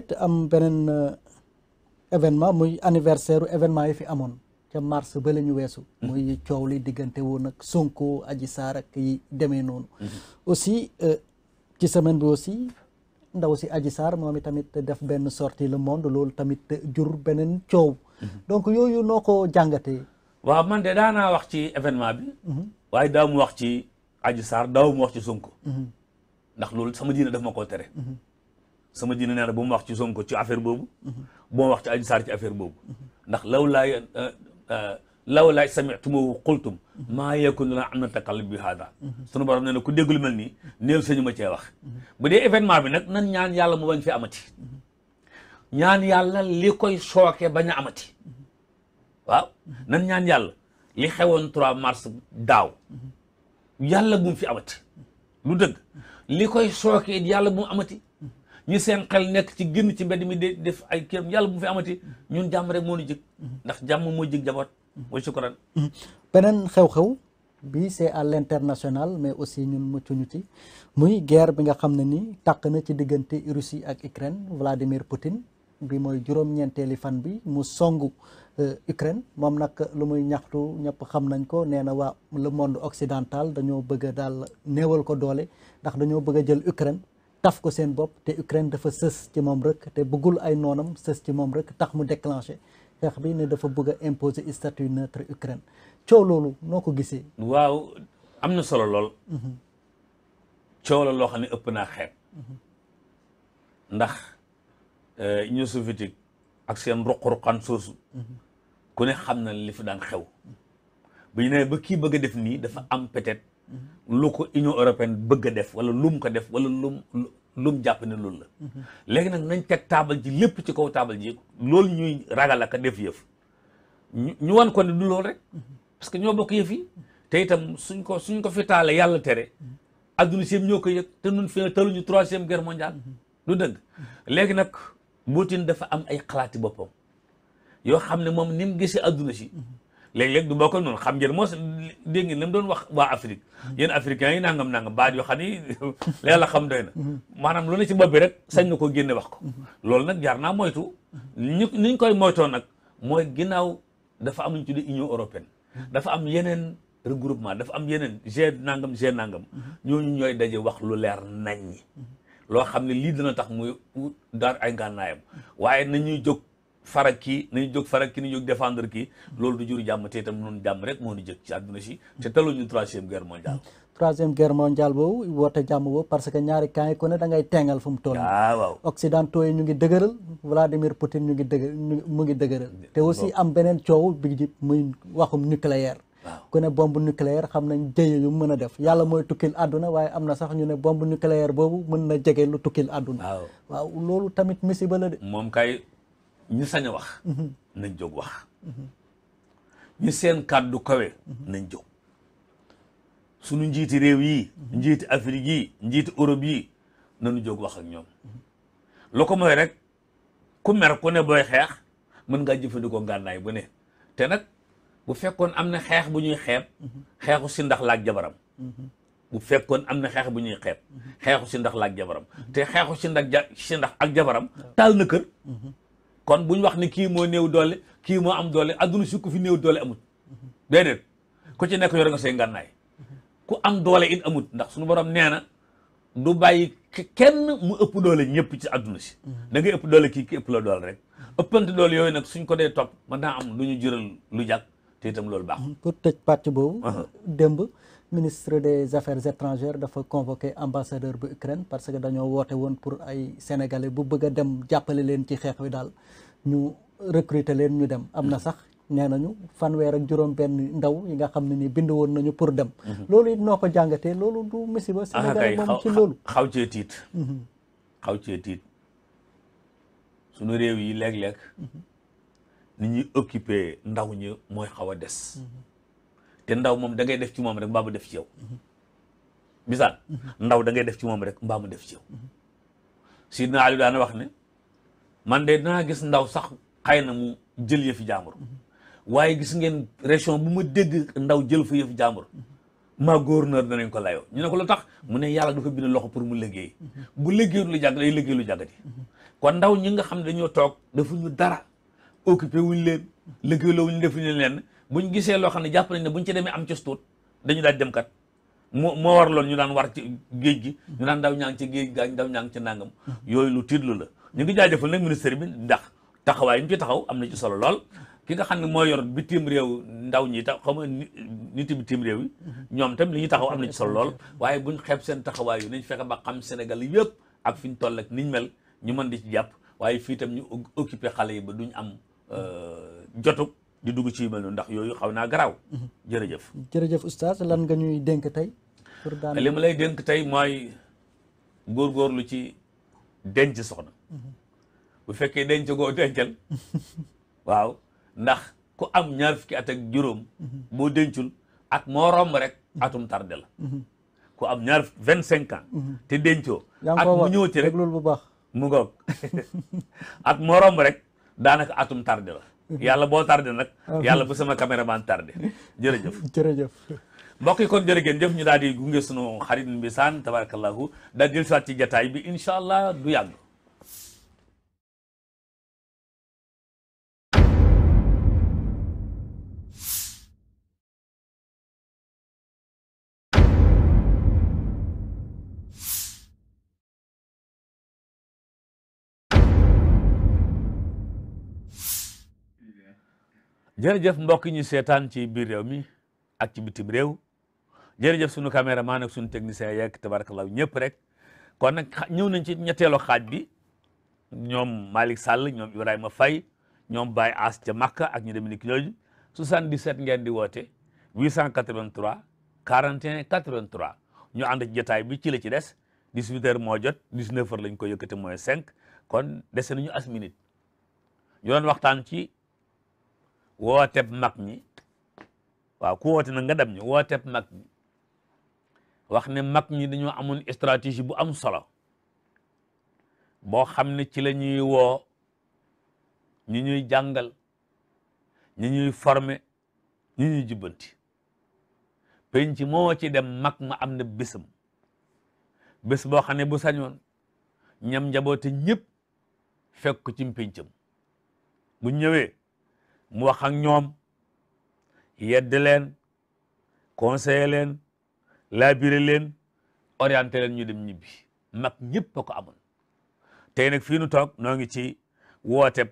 tamit am beneen euh, événement muy anniversaire événement yi fi amoon ca mars ba la ñu weesu mooy mm-hmm. coow li diggante woon ak Sonko aji saarak yi demee noonu mm-hmm. aussi euh, ci semaine bi aussi ndaw si aji saar moom tamit def benn sortie le monde loolu tamit jur beneen coow mm-hmm. donc yooyu noo ko jàngate waaw man de daanaa wax ci événement bi waaye daaw mu wax ci Adji Sarr daaw mu wax ci Sonko ndax loolu sama diina daf ma koo tere sama diine nee na bu mu wax ci Sonko ci affaire boobu bu mu wax ci Adji Sarr ci affaire boobu ndax law laay euh, euh, law laay samitumu qultum maa yakun lana an natakallamu bi hada sunu borom nee na ku dégg lu mel nii néew sañu ma cee wax bu dee événement bi nag nan ñaan yàlla mu bañ fi amati ñaan yàlla li koy sooke bañ amati waaw nan ñaan yàlla li xewoon 3 mars daaw yàlla bu fi amati lu dëgg koy sooke it yàlla bu amati ñi seen xel nekk ci génn ci mbedd mi di def ay kéem yàlla bu fi amati ñun jàmm rek moo ñu jig ndax jàmm mooy jig jaboot mooy sukkuran beneen xew-xew bi c'est à international mais aussi ñun muccuñu ci muy guerre bi nga xam ne ni taq na ci diggante Russie ak Ukraine Vladimir Poutine bi mooy juróom-ñeenteeli fan bi mu songu euh, Ukraine moom nag lu muy ñaxtu ñëpp xam nañ ko nee na waa le monde occidentale dañoo bëgg a daal néewal ko doole ndax dañoo bëgg a jël Ukraine taf ko seen bopp te Ukraine dafa sës ci moom rek te bëggul ay noonam sës ci moom rek tax mu déclenché xeex bi ne dafa bëgg a imposer statut neutre Ukraine coow loolu noo ko gisee. waaw am na solo lool. Mhm. coow la loo xam ne ëpp naa xeeb. Mhm. ndax euh, Union soviétique ak seen ruq-ruqaan soosu. Mhm. ku ne xam na li fi daan xew. bu ñu nee ba kii bëgg def nii dafa am peut lu ko Union européenne bëgg def wala lum ko def wala lum lum jàpp ne loolu la. léegi nag nañ teg taabal ji lépp ci kaw taabal ji loolu ñuy ragal ak a def yëf ñu wan ko ne du loolu rek parce que ñoo bokk yëfi te itam suñ ko suñ ko fi taale yàlla tere. adduna si ñoo ko yëg te nun fi ne taluñu troisième guerre mondiale. du dëng léegi nag Poutine dafa am ay xalaati boppam yoo xam ne moom ni mu gisee adduna si. léeg-léeg du bokkal noonu xam ngeen moo dégg ngeen la mu doon wa waa Afrique yéen africains yi nangam nangam baat yoo xam ni yàlla xam doy na maanaam lu ci bopp bi rek sañ na ko génne wax ko loolu nag jaar na moytu ñu ni ñu koy moytoo nag mooy ginnaaw dafa am lu ñu tuddee union européenne dafa am yeneen regroupement dafa am yeneen g nangam g nangam ñooñu ñooy daje wax lu leer nañ ñi loo xam ne lii dina tax muy daar ay ngànnaayam waaye nañuy jóg farak kii nañu jóg farak kii nañu jóg défendre ki loolu du jur jàmm te itam noonu jàmm rek moo ñu jëkk ci àdduna si te taluñu troisième guerre mondiale troisième guerre mondiale boobu woote jàmm boobu parce que ñaari camp yi ku ne da ngay teengal fu mu toll ah waaw occidentaux yi ñu ngi dëgëral Vladimir Poutine ñu ngi dëgër mu ngi dëgëral te aussi am beneen coow bi ji muy waxum nucléaire ku ne bombe nucléaire xam nañ jëye yu mën a def yàlla mooy tukkil àdduna waaye am na sax ñu ne bombe nucléaire boobu mën na jege lu tukkil àdduna waaw loolu tamit musiba la de moom kay ñu saña wax nañ jóg wax ñu seen kàddu kawe nañ jóg sunu njiiti réew yi njiiti Afrique yi njiiti Europe yi nañu jóg wax ak ñoom lu ko mooy rek ku mer ku ne booy xeex mën ngaa jëfandikoo ngànnaay bu ne te nag bu fekkoon am na xeex bu ñuy xeeb xeexu si ndax laaj jabaram bu fekkoon am na xeex bu ñuy xeeb xeexu si ndax laaj jabaram xeexu si ndax taal na kër kon bu ñu wax ni kii moo néew doole kii moo am doole adduna si ku fi new doole amut déedéet ku ci nekk yore nga say ngànnaay ku am doole it amut ndax suñu borom nee na du bàyyi kenn mu ëpp doole ñëpp ci adduna si da ngay ëpp doole kii ki ëpp la doole rek ëppante doole yooyu nag suñ ko dee topp mën naa am lu ñu jural lu jàkk te itam loolu baax pour tëj parti boobu uh-huh. démb ministre des affaires étrangères dafa convoqué ambassadeur bu Ukraine parce que dañoo woote woon pour ay sénégalais bu bëgg a dem jàppale leen ci xeex wi daal ñu recruter leen ñu dem am na sax nee nañu fanweer ak juróom-benn ndaw yi nga xam ne ni bind woon nañu pour dem. Mhm. loolu it noo ko jàngatee loolu du musiba. Ah, si moom ci loolu xaw cee mhm. xaw cee tiit sunu réew yi léeg-léeg mhm. ni ñuy occupé ndaw ñi mooy xaw a des. te ndaw moom da ngay def ci moom rek mbaa mu def ci yow. bisaan ndaw da ngay def ci moom rek mbaa mu def ci yow. Sidna wax ne. man de danaa gis ndaw sax xëy na mu jël yëfi jàmbur waaye gis ngeen région bu ma dégg ndaw jël fa yëfi jàmbur maa gouverneur danañ ko layoo ñu ne ko lu tax mu ne yàlla dafa bind loxo pour mu liggéey bu liggéeyul lu jàgg day liggéey lu jàggati kon ndaw ñi nga xam ne dañoo toog ñu dara occupé wuñ leen liggéey la wuñ defuñu leen ñu gisee loo xam ne jàpp nañ ne bu ñu ci demee am ci stuut dañu daal dem kat moo moo war loon ñu daan war ci géej gi ñu daan daw ñaa ci géej gi daañ ñaa ngi ci nàngam yooyu lu tiitlu la ñu ngi jaajëfal nag ministère bi ndax taxawaay ñu ci taxaw am na ci solo lool ki nga xam ne moo yor bitim réew ndaw ñi tax xam nga nit bitim réew ñoom tam li ñu taxaw am na ci solo lool waaye buñ xeeb seen taxawaay yi nañ fexe ba xam Sénégal yëpp ak fi ñu toll ak niñ mel ñu mën di ci jàpp waaye fii tam ñu occupé xale yi ba duñ am euh, jotu di dugg ci mel noonu ndax yooyu xaw naa garaw jërëjëf jërëjëf oustaz lan nga ñuy dénk tey pour daan li ma lay dénk tey mooy góor lu ci denc soxna bu fekkee denc goo dencal waaw ndax ku am ñaar fukki at juróom boo dencul ak moo romb rek atum tarde la ku am ñaar vingt cinq ans te dencoo at mu ñëwati rek loolu bu baax mu ngoog at moo romb rek daanaka atum tarde la yàlla boo tardé nag yàlla bu sama caméraman tardé jërëjëf jërëjëf mbokk yi kon jërë ngeen jëf ñu daal di gunge sunu xarit Mbisaan tabarakallahu daal di dellusiwaat ci jataay bi incha allah du yàgg jërëjëf mbokk ñu seetaan ci biir réew mi ak ci bitim réew jërëjëf sunu caméraman ak sunu technicien yeeg tabarakallah ñëpp rek kon nag ñëw nañ ci ñetteelu xaaj bi ñoom Malick Sall ñoom Ibrahima fay ñoom Baye As ca Makka ak ñu dem ni ki ñooñu 77 ngeen di woote 883 41 83 ñu ànd ci jotaay bi ci la ci des 18h moo jot 19h lañ ko yëkkati mooy 5 kon dese nañu ass minute ñu doon waxtaan ci. wooteb mag ñi waaw ku woote na nga dem ñu wooteb mag ñi wax ne mag ñi dañoo amoon stratégie bu am solo boo xam ne ci la ñuy woo ñu ñuy jàngal ñu ñuy forme ñu ñuy jubbanti penc moo ci dem mag ma am na bésam bés boo xam ne bu sañoon ñam njaboote ñëpp fekk ko ci péncam bu ñëwee mu wax ak ñoom yedd leen conseiller leen labiré leen orienté leen ñu dem ñibbi mag ñëpp a ko amoon tey nag fii nu toog noo ngi ci woote